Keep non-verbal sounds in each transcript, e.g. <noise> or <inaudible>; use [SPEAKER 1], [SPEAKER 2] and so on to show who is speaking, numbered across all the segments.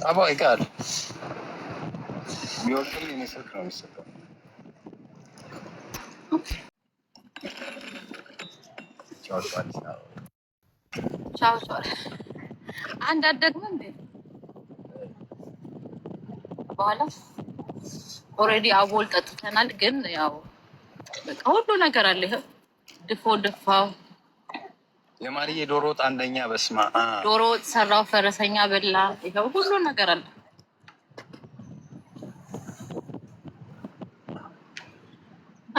[SPEAKER 1] ጠባይ ቃል ቢወርቅም የኔ ስልክ ነው የሚሰጠው።
[SPEAKER 2] አንድ አደግሞ እንዴ በኋላ ኦልሬዲ አቦል ጠጥተናል። ግን ያው በቃ ሁሉ ነገር አለ። ድፎ ድፋው
[SPEAKER 1] የማርዬ ዶሮ ወጥ አንደኛ። በስማ
[SPEAKER 2] ዶሮ ወጥ ሰራው፣ ፈረሰኛ በላ፣ ይኸው ሁሉ ነገር አለ።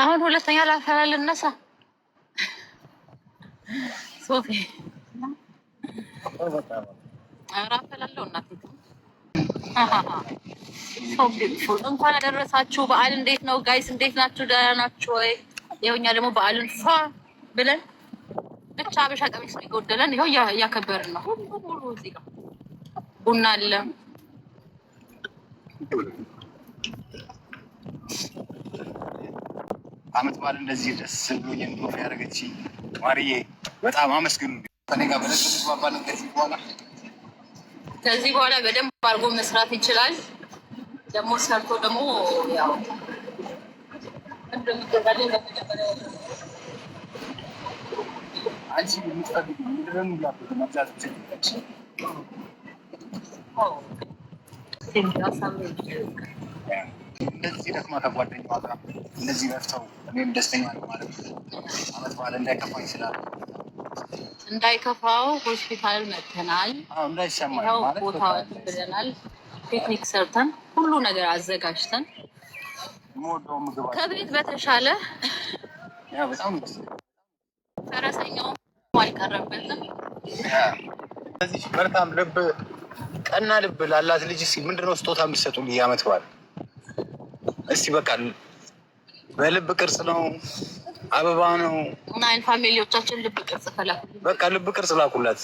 [SPEAKER 2] አሁን ሁለተኛ ላፈላ ልነሳ። ሶፊ ኧረ አፈላለሁ እንኳን በዓል። እንዴት ነው ጋይስ? እንዴት ናችሁ? ደህና ናችሁ ወይ? ይኸው እኛ ደግሞ በዓልን ፏ ብለን ቀሚሶች አበሻ ቀሚስ የጎደለን ይኸው እያከበርን ነው። ሁሉ እዚህ ቡና አለ።
[SPEAKER 1] አመት በዓል እንደዚህ ደስ ብሎ እንዶፍ ያደረገች ማርዬ በጣም አመስግኑ። ከኔጋ በደንብ ከዚህ በኋላ
[SPEAKER 2] ከዚህ በኋላ በደንብ አድርጎ መስራት ይችላል። ደግሞ ሰርቶ ደግሞ ያው እንደሚገዛለ
[SPEAKER 1] አንቺ የምትፈልጊ መግዛት ትችላለች። እንደዚህ ደክማ ከጓደኛዋ ጋር እንደዚህ እኔም ደስተኛ ማለት አመት በዓል እንዳይከፋኝ ስላለ
[SPEAKER 2] እንዳይከፋው ሆስፒታል መጥተናል። ብለናል። ፒክኒክ ሰርተን ሁሉ ነገር አዘጋጅተን ከቤት በተሻለ በጣም አልቀረብንም።
[SPEAKER 1] ስለዚህ በርታም ልብ ቀና ልብ ላላት ልጅ እስኪ ምንድነው ስጦታ የሚሰጡ የዓመት በዓል እስቲ በቃ በልብ ቅርጽ ነው፣ አበባ ነው።
[SPEAKER 2] ናይን ፋሚሊዎቻችን ልብ ቅርጽ ከላኩላት፣
[SPEAKER 1] በቃ ልብ ቅርጽ ላኩላት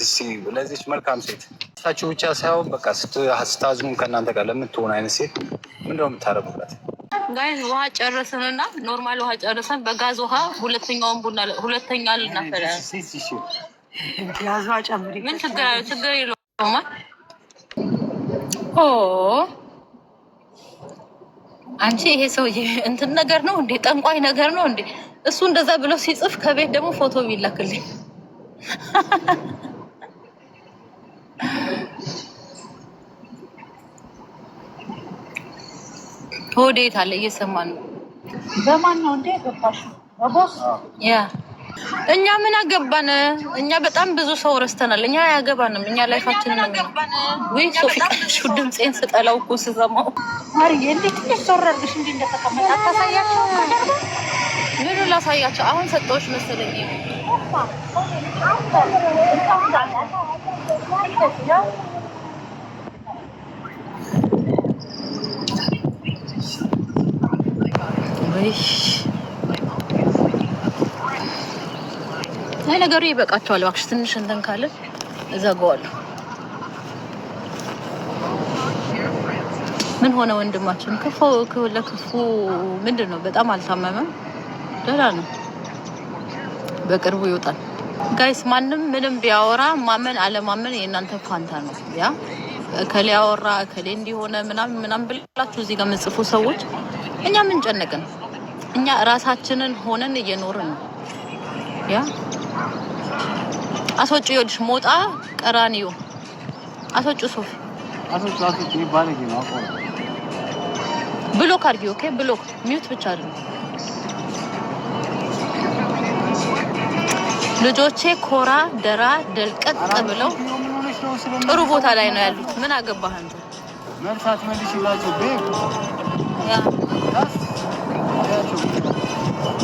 [SPEAKER 1] ለዚች መልካም ሴት። ስታችሁ ብቻ ሳይሆን በቃ ስታዝኑ ከእናንተ ጋር ለምትሆን አይነት ሴት ምንድነው የምታደርጉላት?
[SPEAKER 2] ጋይዝ ውሃ ጨረስን ጨረስንና ኖርማል ውሃ ጨረሰን በጋዝ ውሃ ሁለተኛውን ቡና ሁለተኛ ልናፈላ ምን ችግር አለ? ችግር የለውም። ኦ አንቺ ይሄ ሰውዬ እንትን ነገር ነው እንዴ? ጠንቋይ ነገር ነው እንዴ? እሱ እንደዛ ብሎ ሲጽፍ ከቤት ደግሞ ፎቶ ቢላክልኝ ከወዴት አለ እየሰማ ነው።
[SPEAKER 3] በማን ነው እንደ ገባሽ?
[SPEAKER 2] ያ እኛ ምን አገባን? እኛ በጣም ብዙ ሰው ረስተናል። እኛ አያገባንም። እኛ ላይፋችን ነው። ወይ ድምፄን ስጠላው እኮ ስሰማው ማርዬ፣ እንዴት ነው ተወራርግሽ? እንዴ እንደተቀመጠ አታሳያቸው። ምን ላሳያቸው? አሁን ሰጠዎች መሰለኝ። ይሄ ወይ አይ ነገሩ ይበቃቸዋል። እባክሽ ትንሽ እንትን ካለ እዘጋዋለሁ። ምን ሆነ ወንድማችን? ክፉ ለክፉ ምንድን ነው? በጣም አልታመመም፣ ደህና ነው። በቅርቡ ይወጣል። ጋይስ ማንም ምንም ቢያወራ ማመን አለማመን የእናንተ ፋንታ ነው። ያ እከሌ ያወራ እከሌ እንዲሆነ ምናምን ምናምን ብላችሁ እዚህ ጋር መጽፉ ሰዎች እኛ ምን ጨነቅን? እኛ ራሳችንን ሆነን እየኖርን ነው። ያ አስወጪ ይኸውልሽ፣ ሞጣ ቀራንዮ አስወጪ ሱፍ ብሎክ አድርጊ። ኦኬ ብሎክ ሚውት ብቻ አይደለም። ልጆቼ ኮራ ደራ ደልቀጥ ብለው ጥሩ ቦታ ላይ ነው ያሉት። ምን አገባህ አንተ?
[SPEAKER 1] መልሳት ቤት ያ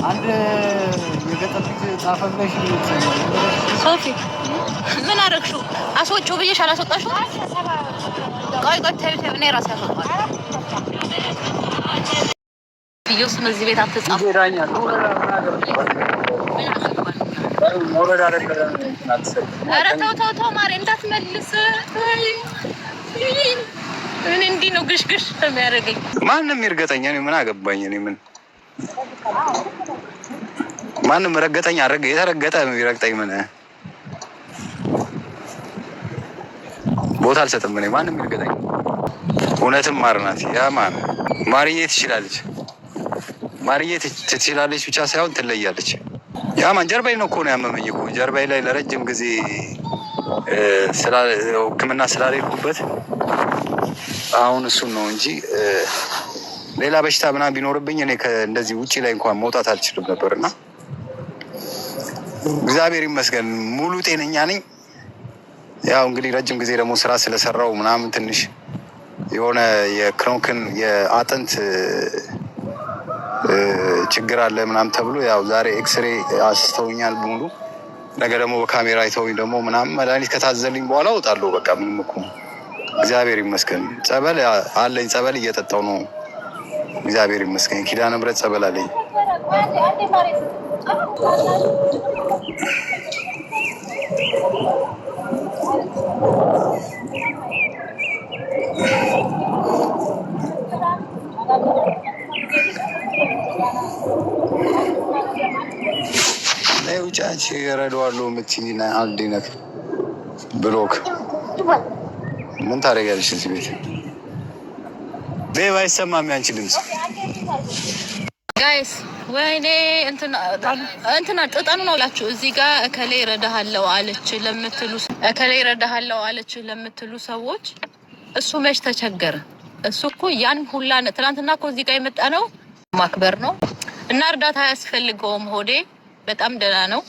[SPEAKER 1] አንድ የገጠር ልጅ ታፈለሽ
[SPEAKER 2] ሶፊ ምን አረግሽው? አስወጪው ብዬሽ አላስወጣሽው? ቆይ ቆይ ተይው ተይው፣ እኔ ራሴ አስወጣዋለሁ። እየውስም እዚህ ቤት አትጻፍ ኧረ ተው ተው ተው ማሬ እንዳትመልስ። እኔ እንዲህ ነው ግሽግሽ የሚያደርገኝ።
[SPEAKER 1] ማንም ይርገጠኛ፣ እኔ ምን አገባኝ? እኔ ምን ማንም ረገጠኝ አረገ የተረገጠ ይረግጠኝ ምን ቦታ አልሰጥም። እኔ ማንም ይርገጠኝ። እውነትም ማር ያ ማን ማርዬ ትችላለች። ማርዬ ትችላለች ብቻ ሳይሆን ትለያለች። ያ ማን ጀርባይ ነው እኮ ነው ያመመኝ እኮ ጀርባይ ላይ ለረጅም ጊዜ ህክምና ስላልሄድኩበት አሁን እሱን ነው እንጂ ሌላ በሽታ ምናምን ቢኖርብኝ እኔ እንደዚህ ውጭ ላይ እንኳን መውጣት አልችልም ነበር እና እግዚአብሔር ይመስገን ሙሉ ጤነኛ ነኝ። ያው እንግዲህ ረጅም ጊዜ ደግሞ ስራ ስለሰራው ምናምን ትንሽ የሆነ የክሮንክን የአጥንት ችግር አለ ምናምን ተብሎ ያው ዛሬ ኤክስሬ አስተውኛል ሙሉ ነገ ደግሞ በካሜራ አይተውኝ ደግሞ ምናምን መድኃኒት ከታዘልኝ በኋላ እወጣለሁ። በቃ ምንም እኮ እግዚአብሔር ይመስገን ጸበል አለኝ። ጸበል እየጠጣው ነው እግዚአብሔር ይመስገን። ኪዳነ ምሕረት ጸበል አለኝ። ውጫች እረዳዋለሁ የምትይኝ አልዴነት ብሎክ ምን ታደርጊያለሽ እዚህ ቤት? ቤብ አይሰማም ያንቺ ድምፅ።
[SPEAKER 2] ጋይስ ወይኔ እንትና ጥጠኑ ነው ላችሁ እዚህ ጋር እከሌ ይረዳሃለው አለች ለምትሉ እከሌ ይረዳሃለው አለች ለምትሉ ሰዎች እሱ መች ተቸገረ? እሱ እኮ ያን ሁላ ትናንትና እኮ እዚህ ጋር የመጣ ነው ማክበር ነው እና እርዳታ አያስፈልገውም። ሆዴ በጣም ደህና ነው።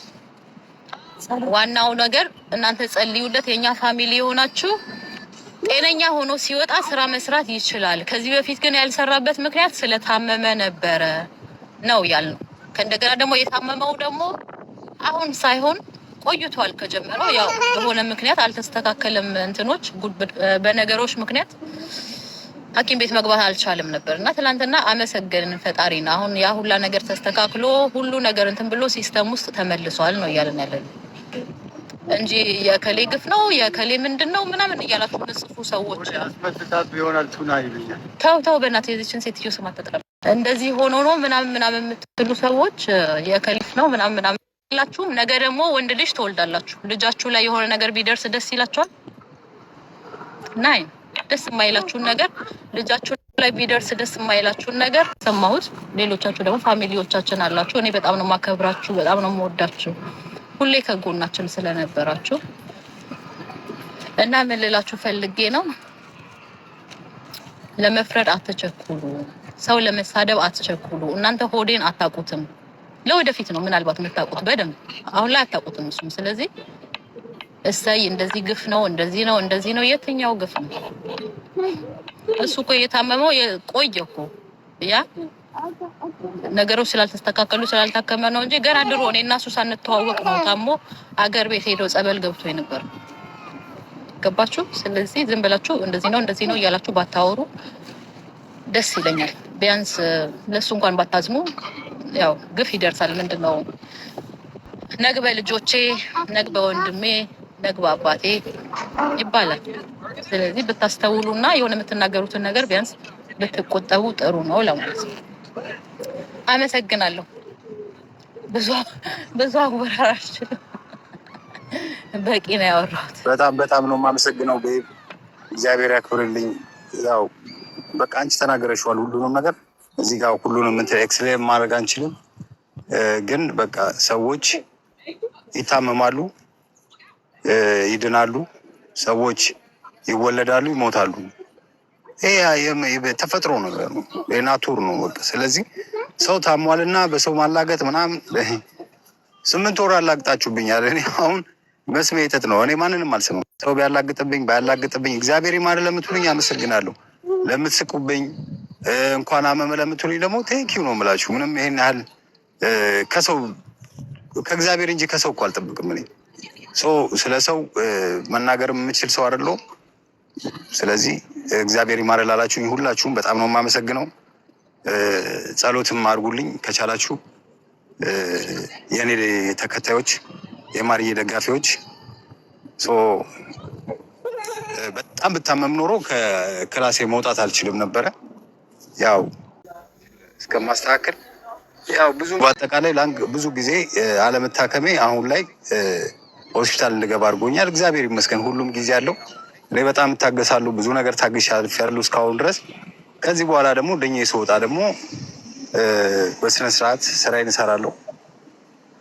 [SPEAKER 2] ዋናው ነገር እናንተ ጸልዩለት የእኛ ፋሚሊ የሆናችሁ ጤነኛ ሆኖ ሲወጣ ስራ መስራት ይችላል። ከዚህ በፊት ግን ያልሰራበት ምክንያት ስለታመመ ነበረ ነው ያልነው። ከእንደገና ደግሞ የታመመው ደግሞ አሁን ሳይሆን ቆይቷል ከጀመረው ያው በሆነ ምክንያት አልተስተካከለም፣ እንትኖች በነገሮች ምክንያት ሐኪም ቤት መግባት አልቻለም ነበር እና ትናንትና አመሰገንን ፈጣሪና አሁን ያ ሁላ ነገር ተስተካክሎ ሁሉ ነገር እንትን ብሎ ሲስተም ውስጥ ተመልሷል ነው እያለን ያለን እንጂ የከሌ ግፍ ነው የከሌ ምንድን ነው ምናምን እያላችሁ ምጽፉ
[SPEAKER 1] ሰዎች ተው ተው፣ በእናት
[SPEAKER 2] የዚችን ሴትዮ ስም አትጠራ። እንደዚህ ሆኖ ነው ምናምን ምናምን የምትሉ ሰዎች የከሊፍ ነው ምናምን ምናምን ላችሁም። ነገ ደግሞ ወንድ ልጅ ትወልዳላችሁ። ልጃችሁ ላይ የሆነ ነገር ቢደርስ ደስ ይላችኋል? ናይ ደስ የማይላችሁን ነገር ልጃችሁ ላይ ቢደርስ ደስ የማይላችሁን ነገር ሰማሁት። ሌሎቻችሁ ደግሞ ፋሚሊዎቻችን አላችሁ። እኔ በጣም ነው የማከብራችሁ፣ በጣም ነው የምወዳችሁ ሁሌ ከጎናችን ስለነበራችሁ እና ምን ፈልጌ ነው፣ ለመፍረድ አትቸኩሉ፣ ሰው ለመሳደብ አትቸኩሉ። እናንተ ሆዴን አታውቁትም። ለወደፊት ነው ምናልባት የምታውቁት በደንብ፣ አሁን ላይ አታውቁትም እሱም። ስለዚህ እሰይ እንደዚህ ግፍ ነው እንደዚህ ነው እንደዚህ ነው። የትኛው ግፍ ነው እሱ? እኮ እየታመመው ቆየ እኮ ያ ነገሮች ስላልተስተካከሉ ስላልታከመ ነው እንጂ ገና ድሮ እኔ እና እሱ ሳንተዋወቅ ነው ታሞ አገር ቤት ሄዶ ጸበል ገብቶ ነበር። ገባችሁ። ስለዚህ ዝም ብላችሁ እንደዚህ ነው እንደዚህ ነው እያላችሁ ባታወሩ ደስ ይለኛል። ቢያንስ ለሱ እንኳን ባታዝሙ፣ ያው ግፍ ይደርሳል። ምንድን ነው ነግ በልጆቼ ነግ በወንድሜ ነግ በአባቴ ይባላል። ስለዚህ ብታስተውሉ እና የሆነ የምትናገሩትን ነገር ቢያንስ ብትቆጠቡ ጥሩ ነው ለማለት ነው። አመሰግናለሁ። ብዙ አወራራች በቂ ነው ያወራሁት። በጣም በጣም ነው የማመሰግነው። እግዚአብሔር ያክብርልኝ። ያው በቃ አንቺ ተናገረሽዋል ሁሉንም ነገር እዚህ ጋር ሁሉንም እንትን ኤክስፕሌን ማድረግ አንችልም፣ ግን በቃ ሰዎች ይታመማሉ፣ ይድናሉ፣ ሰዎች ይወለዳሉ፣ ይሞታሉ። ተፈጥሮ ነገር ነው፣ የናቱር ነው በቃ። ስለዚህ ሰው ታሟልና በሰው ማላገጥ ምናምን <laughs> ስምንት ወር አላግጣችሁብኛል። እኔ አሁን መስሜ የተት ነው። እኔ ማንንም አልስምም። ሰው ቢያላግጥብኝ ባያላግጥብኝ እግዚአብሔር ይማር ለምትሉኝ አመሰግናለሁ። ለምትስቁብኝ እንኳን አመመ ለምትሉኝ ደግሞ ቴንኪው ነው የምላችሁ። ምንም ይሄን ያህል ከሰው ከእግዚአብሔር እንጂ ከሰው እኮ አልጠብቅም እኔ። ስለ ሰው መናገር የምችል ሰው አይደለሁም። ስለዚህ እግዚአብሔር ይማረ ላላችሁኝ ሁላችሁም በጣም ነው የማመሰግነው። ጸሎትም አድርጉልኝ ከቻላችሁ የእኔ ተከታዮች የማርዬ ደጋፊዎች በጣም ብታመም ኖሮ ከክላሴ መውጣት አልችልም ነበረ። ያው እስከማስተካከል ያው ብዙ በአጠቃላይ ብዙ ጊዜ አለመታከሜ አሁን ላይ ሆስፒታል እንድገባ አድርጎኛል። እግዚአብሔር ይመስገን ሁሉም ጊዜ አለው። እኔ በጣም እታገሳለሁ። ብዙ ነገር ታግሼ አልፌያለሁ እስካሁን ድረስ። ከዚህ በኋላ ደግሞ ድኜ ስወጣ ደግሞ በስነ ስርዓት ስራዬን እሰራለሁ፣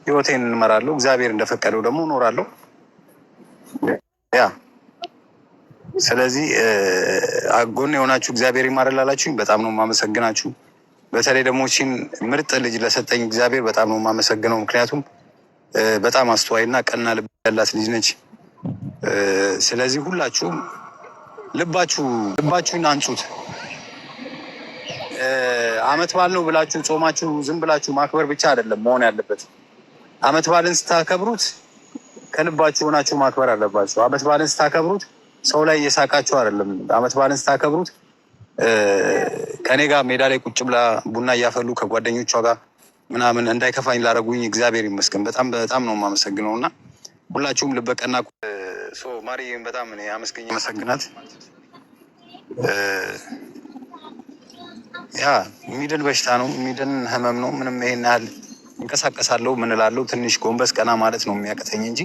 [SPEAKER 2] ህይወቴን እንመራለሁ፣ እግዚአብሔር እንደፈቀደው ደግሞ እኖራለሁ። ያ ስለዚህ ጎን የሆናችሁ እግዚአብሔር ይማረላላችሁኝ። በጣም ነው የማመሰግናችሁ። በተለይ ደግሞ እቺን ምርጥ ልጅ ለሰጠኝ እግዚአብሔር በጣም ነው የማመሰግነው። ምክንያቱም በጣም አስተዋይና ቀና ልብ ያላት ልጅ ነች። ስለዚህ ሁላችሁም ልባችሁ ልባችሁን አንጹት። አመት በዓል ነው ብላችሁ ጾማችሁ ዝም ብላችሁ ማክበር ብቻ አይደለም መሆን ያለበት። አመት በዓልን ስታከብሩት ከልባችሁ ሆናችሁ ማክበር አለባችሁ። አመት በዓልን ስታከብሩት ሰው ላይ እየሳቃችሁ አይደለም። አመት በዓልን ስታከብሩት ከኔ ጋር ሜዳ ላይ ቁጭ ብላ ቡና እያፈሉ ከጓደኞቿ ጋር ምናምን እንዳይከፋኝ ላደረጉኝ እግዚአብሔር ይመስገን። በጣም በጣም ነው የማመሰግነው እና ሁላችሁም ልበቀና ማርዬን በጣም አመስገኝ መሰግናት ያ የሚድን በሽታ ነው፣ የሚድን ህመም ነው። ምንም ይሄን ያህል እንቀሳቀሳለሁ ምን እላለሁ ትንሽ ጎንበስ ቀና ማለት ነው የሚያቅተኝ እንጂ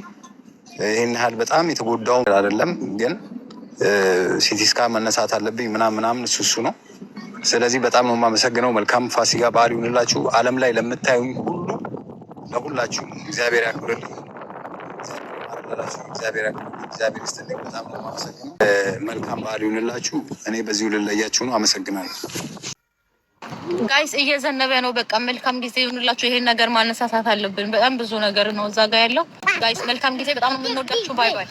[SPEAKER 2] ይህን ያህል በጣም የተጎዳው አይደለም። ግን ሲቲስካ መነሳት አለብኝ ምናም ምናምን እሱ እሱ ነው። ስለዚህ በጣም ነው የማመሰግነው። መልካም ፋሲካ በዓል ይሁንላችሁ። ዓለም ላይ ለምታዩኝ ሁሉ ለሁላችሁ እግዚአብሔር ያክብርልኝ። ለራሱ እግዚአብሔር እግዚአብሔር ይስጥልኝ። በጣም ነው የማመሰግነው። መልካም በዓል ይሁንላችሁ። እኔ በዚህ ልለያችሁ ነው። አመሰግናለሁ ጋይስ። እየዘነበ ነው። በቃ መልካም ጊዜ ይሁንላችሁ። ይሄን ነገር ማነሳሳት አለብን። በጣም ብዙ ነገር ነው እዛ ጋ ያለው ጋይስ። መልካም ጊዜ። በጣም ነው የምንወዳችሁ። ባይ ባይ።